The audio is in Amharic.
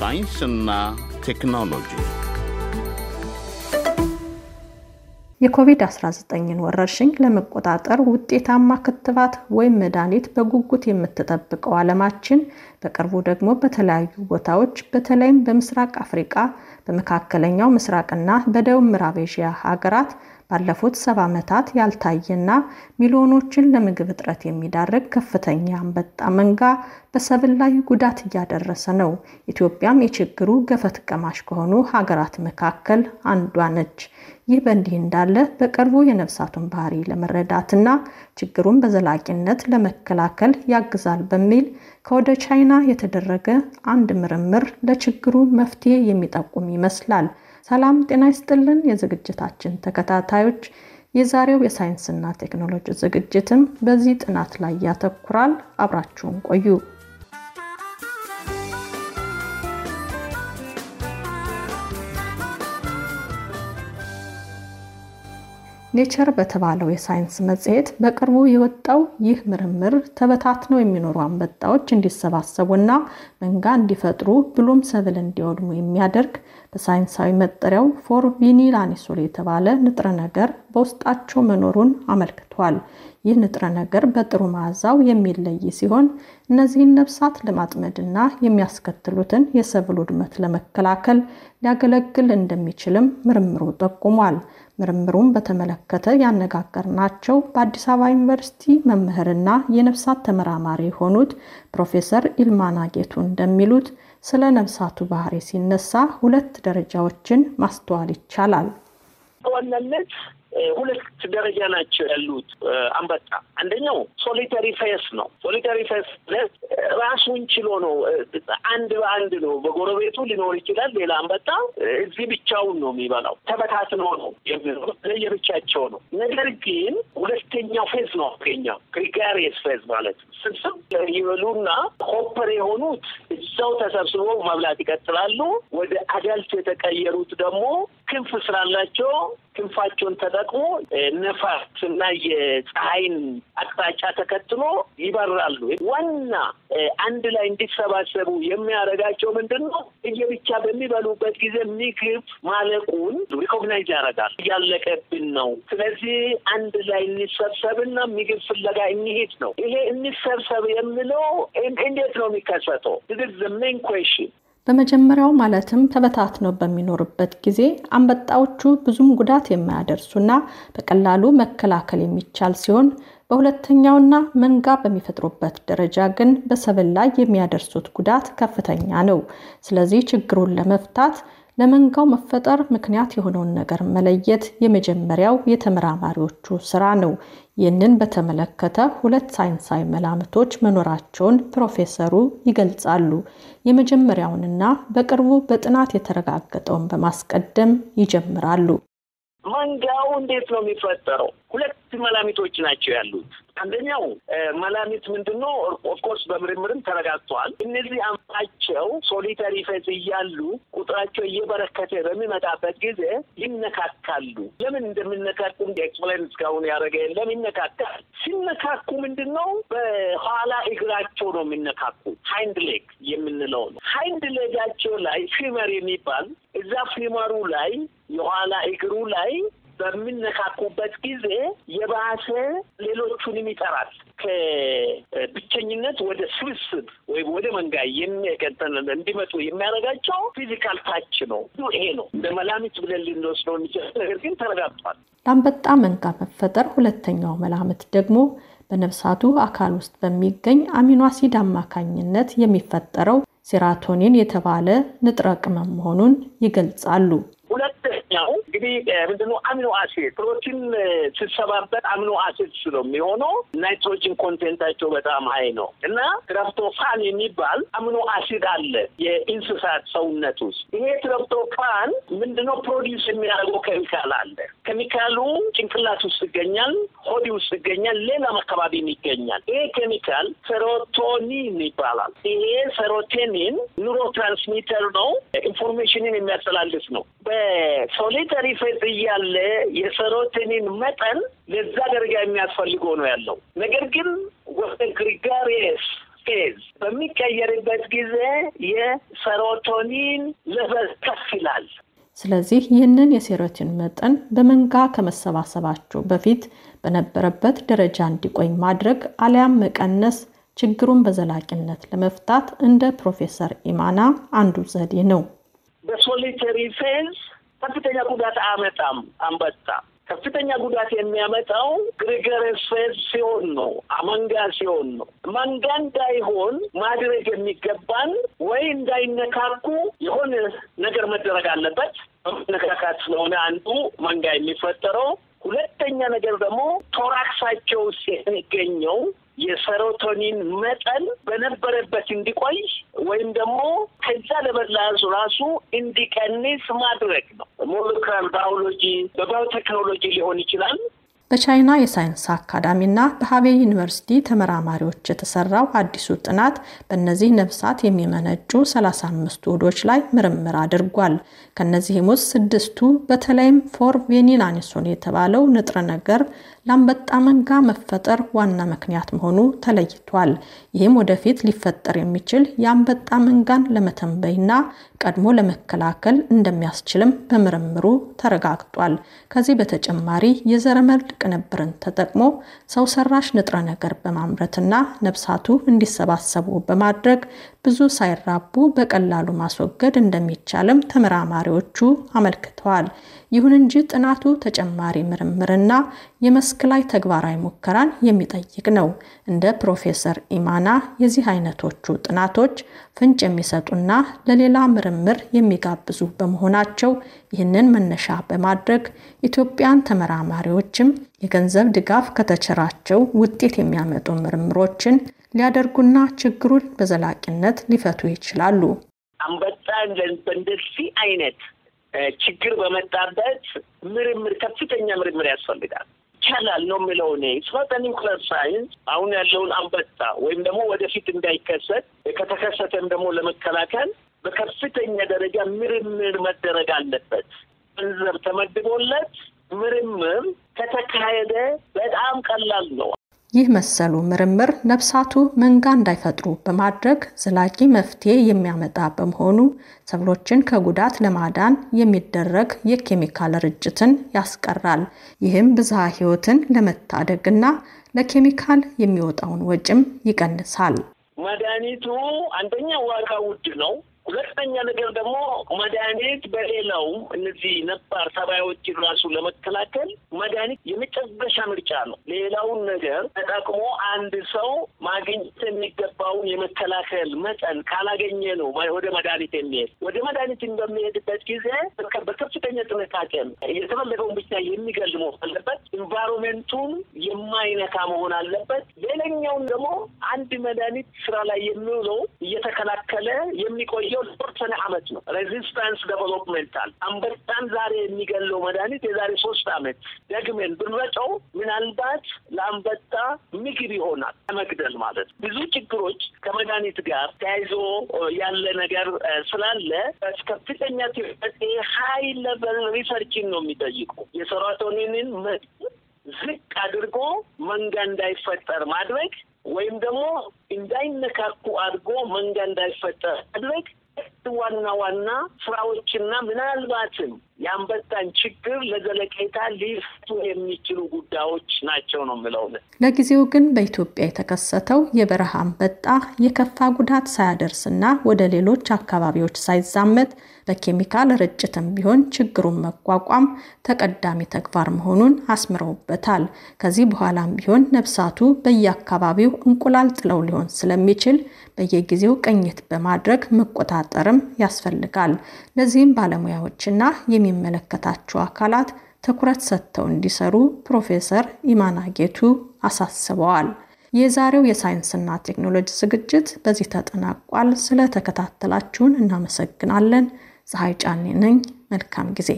ሳይንስና ቴክኖሎጂ የኮቪድ-19ን ወረርሽኝ ለመቆጣጠር ውጤታማ ክትባት ወይም መድኃኒት በጉጉት የምትጠብቀው ዓለማችን በቅርቡ ደግሞ በተለያዩ ቦታዎች በተለይም በምስራቅ አፍሪቃ፣ በመካከለኛው ምስራቅና በደቡብ ምዕራብ ኤዥያ ሀገራት ባለፉት ሰባ ዓመታት ያልታየና ሚሊዮኖችን ለምግብ እጥረት የሚዳርግ ከፍተኛ አንበጣ መንጋ በሰብል ላይ ጉዳት እያደረሰ ነው። ኢትዮጵያም የችግሩ ገፈት ቀማሽ ከሆኑ ሀገራት መካከል አንዷ ነች። ይህ በእንዲህ እንዳለ በቅርቡ የነፍሳቱን ባህሪ ለመረዳትና ችግሩን በዘላቂነት ለመከላከል ያግዛል በሚል ከወደ ቻይና የተደረገ አንድ ምርምር ለችግሩ መፍትሄ የሚጠቁም ይመስላል። ሰላም ጤና ይስጥልን የዝግጅታችን ተከታታዮች፣ የዛሬው የሳይንስና ቴክኖሎጂ ዝግጅትም በዚህ ጥናት ላይ ያተኩራል። አብራችሁን ቆዩ። ኔቸር በተባለው የሳይንስ መጽሔት በቅርቡ የወጣው ይህ ምርምር ተበታትነው የሚኖሩ አንበጣዎች እንዲሰባሰቡና መንጋ እንዲፈጥሩ ብሎም ሰብል እንዲወድሙ የሚያደርግ በሳይንሳዊ መጠሪያው ፎር ቪኒላኒሶል የተባለ ንጥረ ነገር በውስጣቸው መኖሩን አመልክቷል። ይህ ንጥረ ነገር በጥሩ መዓዛው የሚለይ ሲሆን እነዚህን ነፍሳት ለማጥመድና የሚያስከትሉትን የሰብል ውድመት ለመከላከል ሊያገለግል እንደሚችልም ምርምሩ ጠቁሟል። ምርምሩን በተመለከተ ያነጋገርናቸው በአዲስ አበባ ዩኒቨርሲቲ መምህርና የነፍሳት ተመራማሪ የሆኑት ፕሮፌሰር ኢልማና ጌቱ እንደሚሉት ስለ ነፍሳቱ ባህሪ ሲነሳ ሁለት ደረጃዎችን ማስተዋል ይቻላል። ሁለት ደረጃ ናቸው ያሉት አንበጣ። አንደኛው ሶሊተሪ ፌስ ነው። ሶሊተሪ ፌስ ማለት ራሱን ችሎ ነው፣ አንድ በአንድ ነው። በጎረቤቱ ሊኖር ይችላል ሌላ አንበጣ፣ እዚህ ብቻውን ነው የሚበላው፣ ተበታትኖ ነው የሚኖር፣ ለየብቻቸው ነው። ነገር ግን ሁለተኛው ፌዝ ነው አገኛው፣ ግሪጋሪየስ ፌዝ ማለት ስብስብ ይበሉና ኮፐር የሆኑት እዛው ተሰብስበው መብላት ይቀጥላሉ። ወደ አዳልት የተቀየሩት ደግሞ ክንፍ ስላላቸው ክንፋቸውን ተጠቅሞ ነፋስ እና የፀሐይን አቅጣጫ ተከትሎ ይበራሉ። ዋና አንድ ላይ እንዲሰባሰቡ የሚያደርጋቸው ምንድን ነው? እየብቻ በሚበሉበት ጊዜ ምግብ ማለቁን ሪኮግናይዝ ያደርጋል። እያለቀብን ነው፣ ስለዚህ አንድ ላይ እንሰብሰብና ምግብ ፍለጋ እንሄድ ነው። ይሄ እንሰብሰብ የሚለው እንዴት ነው የሚከሰተው? ሜን ኩዌሽን በመጀመሪያው ማለትም ተበታትነው በሚኖርበት ጊዜ አንበጣዎቹ ብዙም ጉዳት የማያደርሱና በቀላሉ መከላከል የሚቻል ሲሆን በሁለተኛውና መንጋ በሚፈጥሩበት ደረጃ ግን በሰብል ላይ የሚያደርሱት ጉዳት ከፍተኛ ነው። ስለዚህ ችግሩን ለመፍታት ለመንጋው መፈጠር ምክንያት የሆነውን ነገር መለየት የመጀመሪያው የተመራማሪዎቹ ስራ ነው። ይህንን በተመለከተ ሁለት ሳይንሳዊ መላምቶች መኖራቸውን ፕሮፌሰሩ ይገልጻሉ። የመጀመሪያውንና በቅርቡ በጥናት የተረጋገጠውን በማስቀደም ይጀምራሉ። መንጋው እንዴት ነው የሚፈጠረው? ሁለት መላምቶች ናቸው ያሉት። አንደኛው መላሚት ምንድን ነው? ኦፍኮርስ በምርምርም ተረጋግቷል። እነዚህ አንፋቸው ሶሊተሪ ፌዝ እያሉ ቁጥራቸው እየበረከተ በሚመጣበት ጊዜ ይነካካሉ። ለምን እንደሚነካኩ ኤክስፕሌን እስካሁን ያደረገ የለም። ይነካካል። ሲነካኩ ምንድን ነው? በኋላ እግራቸው ነው የሚነካኩ። ሃይንድ ሌግ የምንለው ነው። ሃይንድ ሌጋቸው ላይ ፊመር የሚባል እዛ ፊመሩ ላይ የኋላ እግሩ ላይ በሚነካኩበት ጊዜ የባሰ ሌሎቹንም ይጠራል። ከብቸኝነት ወደ ስብስብ ወይም ወደ መንጋ የሚቀጥል እንዲመጡ የሚያደርጋቸው ፊዚካል ታች ነው። ይሄ ነው እንደ መላምት ብለን ልንወስደው የሚችል ነገር ግን ተረጋግጧል። ለአንበጣ መንጋ መፈጠር ሁለተኛው መላምት ደግሞ በነፍሳቱ አካል ውስጥ በሚገኝ አሚኖ አሲድ አማካኝነት የሚፈጠረው ሴራቶኒን የተባለ ንጥረ ቅመም መሆኑን ይገልጻሉ። ሁለተኛው እንግዲህ ምንድን አሚኖ አሲድ ፕሮቲን ስሰባበት አሚኖ አሲድ የሚሆነው ናይትሮጂን ኮንቴንታቸው በጣም ሀይ ነው እና ትረፕቶፋን የሚባል አሚኖ አሲድ አለ የእንስሳት ሰውነት ውስጥ። ይሄ ትረፕቶፋን ምንድነው ፕሮዲውስ የሚያደርገው ኬሚካል አለ። ኬሚካሉ ጭንቅላት ውስጥ ይገኛል፣ ሆዲ ውስጥ ይገኛል፣ ሌላም አካባቢም ይገኛል። ይሄ ኬሚካል ሴሮቶኒን ይባላል። ይሄ ሴሮቶኒን ኑሮ ትራንስሚተር ነው፣ ኢንፎርሜሽንን የሚያስተላልፍ ነው። ሶሊተሪ ፌዝ እያለ የሰሮቶኒን መጠን ለዛ ደረጃ የሚያስፈልገው ነው ያለው። ነገር ግን ወደ ግሪጋሪየስ ፌዝ በሚቀየርበት ጊዜ የሰሮቶኒን ለበዝ ከፍ ይላል። ስለዚህ ይህንን የሴሮቲን መጠን በመንጋ ከመሰባሰባቸው በፊት በነበረበት ደረጃ እንዲቆይ ማድረግ አሊያም መቀነስ ችግሩን በዘላቂነት ለመፍታት እንደ ፕሮፌሰር ኢማና አንዱ ዘዴ ነው። በሶሊተሪ ፌዝ ከፍተኛ ጉዳት አመጣም አንበጣ ከፍተኛ ጉዳት የሚያመጣው ግሪገረስፌት ሲሆን ነው። አመንጋ ሲሆን ነው። መንጋ እንዳይሆን ማድረግ የሚገባን ወይ እንዳይነካኩ የሆነ ነገር መደረግ አለበት። መነካካት ስለሆነ አንዱ መንጋ የሚፈጠረው። ሁለተኛ ነገር ደግሞ ቶራክሳቸው ውስጥ የሚገኘው የሰሮቶኒን መጠን በነበረበት እንዲቆይ ወይም ደግሞ ከዛ ለመላሱ ራሱ እንዲቀንስ ማድረግ ነው። ሞለኪውላር ባዮሎጂ በባዮቴክኖሎጂ ሊሆን ይችላል። በቻይና የሳይንስ አካዳሚና በሀቤይ ዩኒቨርሲቲ ተመራማሪዎች የተሰራው አዲሱ ጥናት በእነዚህ ነፍሳት የሚመነጩ 35 ውህዶች ላይ ምርምር አድርጓል። ከእነዚህም ውስጥ ስድስቱ በተለይም ፎር ቬኒል የተባለው ንጥረ ነገር ለአንበጣ መንጋ መፈጠር ዋና ምክንያት መሆኑ ተለይቷል። ይህም ወደፊት ሊፈጠር የሚችል የአንበጣ መንጋን ለመተንበይና ቀድሞ ለመከላከል እንደሚያስችልም በምርምሩ ተረጋግጧል። ከዚህ በተጨማሪ የዘረመል ቅንብርን ተጠቅሞ ሰው ሰራሽ ንጥረ ነገር በማምረትና ነብሳቱ እንዲሰባሰቡ በማድረግ ብዙ ሳይራቡ በቀላሉ ማስወገድ እንደሚቻልም ተመራማሪዎቹ አመልክተዋል። ይሁን እንጂ ጥናቱ ተጨማሪ ምርምርና የመስክ ላይ ተግባራዊ ሙከራን የሚጠይቅ ነው። እንደ ፕሮፌሰር ኢማና የዚህ አይነቶቹ ጥናቶች ፍንጭ የሚሰጡና ለሌላ ምርምር የሚጋብዙ በመሆናቸው ይህንን መነሻ በማድረግ ኢትዮጵያን ተመራማሪዎችም የገንዘብ ድጋፍ ከተቸራቸው ውጤት የሚያመጡ ምርምሮችን ሊያደርጉና ችግሩን በዘላቂነት ሊፈቱ ይችላሉ። አንበጣ በእንደዚህ አይነት ችግር በመጣበት ምርምር ከፍተኛ ምርምር ያስፈልጋል። ይቻላል ነው የምለው እኔ ስፋተኒንኩለር ሳይንስ አሁን ያለውን አንበጣ ወይም ደግሞ ወደፊት እንዳይከሰት ከተከሰተም ደግሞ ለመከላከል በከፍተኛ ደረጃ ምርምር መደረግ አለበት። ገንዘብ ተመድቦለት ምርምር ከተካሄደ በጣም ቀላል ነው። ይህ መሰሉ ምርምር ነፍሳቱ መንጋ እንዳይፈጥሩ በማድረግ ዘላቂ መፍትሔ የሚያመጣ በመሆኑ ሰብሎችን ከጉዳት ለማዳን የሚደረግ የኬሚካል ርጭትን ያስቀራል። ይህም ብዝሃ ሕይወትን እና ለኬሚካል የሚወጣውን ወጪም ይቀንሳል። መድኃኒቱ አንደኛ ዋጋ ውድ ነው። ሁለተኛ ነገር ደግሞ መድኃኒት በሌላው እነዚህ ነባር ተባዮችን ራሱ ለመከላከል መድኃኒት የመጨረሻ ምርጫ ነው። ሌላውን ነገር ተጠቅሞ አንድ ሰው ማግኘት የሚገባውን የመከላከል መጠን ካላገኘ ነው ወደ መድኃኒት የሚሄድ። ወደ መድኃኒት በሚሄድበት ጊዜ በከፍተኛ ጥንቃቄ ነው። የተፈለገውን ብቻ የሚገልሞ መሆን አለበት። ኢንቫይሮንሜንቱን የማይነካ መሆን አለበት። ሌላኛውን ደግሞ አንድ መድኃኒት ስራ ላይ የሚውለው እየተከላከለ የሚቆየው የቆየው ለተወሰነ አመት ነው። ሬዚስታንስ ደቨሎፕሜንታል አንበጣን ዛሬ የሚገለው መድኃኒት የዛሬ ሶስት አመት ደግሜን ብንረጨው ምናልባት ለአንበጣ ምግብ ይሆናል። ለመግደል ማለት ነው። ብዙ ችግሮች ከመድኃኒት ጋር ተያይዞ ያለ ነገር ስላለ ከፍተኛ ትበት ሀይ ለበል ሪሰርችን ነው የሚጠይቁ የሰራቶኒንን ዝቅ አድርጎ መንጋ እንዳይፈጠር ማድረግ ወይም ደግሞ እንዳይነካኩ አድርጎ መንጋ እንዳይፈጠር ማድረግ ዋና ዋና ስራዎችና ምናልባትም የአንበጣን ችግር ለዘለቄታ ሊፈቱ የሚችሉ ጉዳዮች ናቸው ነው የምለው። ለጊዜው ግን በኢትዮጵያ የተከሰተው የበረሃ አንበጣ የከፋ ጉዳት ሳያደርስና ወደ ሌሎች አካባቢዎች ሳይዛመት በኬሚካል ርጭትም ቢሆን ችግሩን መቋቋም ተቀዳሚ ተግባር መሆኑን አስምረውበታል። ከዚህ በኋላም ቢሆን ነፍሳቱ በየአካባቢው እንቁላል ጥለው ሊሆን ስለሚችል በየጊዜው ቅኝት በማድረግ መቆጣጠርም ያስፈልጋል። ለዚህም ባለሙያዎችና የሚ የሚመለከታቸው አካላት ትኩረት ሰጥተው እንዲሰሩ ፕሮፌሰር ኢማና ጌቱ አሳስበዋል። የዛሬው የሳይንስና ቴክኖሎጂ ዝግጅት በዚህ ተጠናቋል። ስለተከታተላችሁን እናመሰግናለን። ፀሐይ ጫኔ ነኝ። መልካም ጊዜ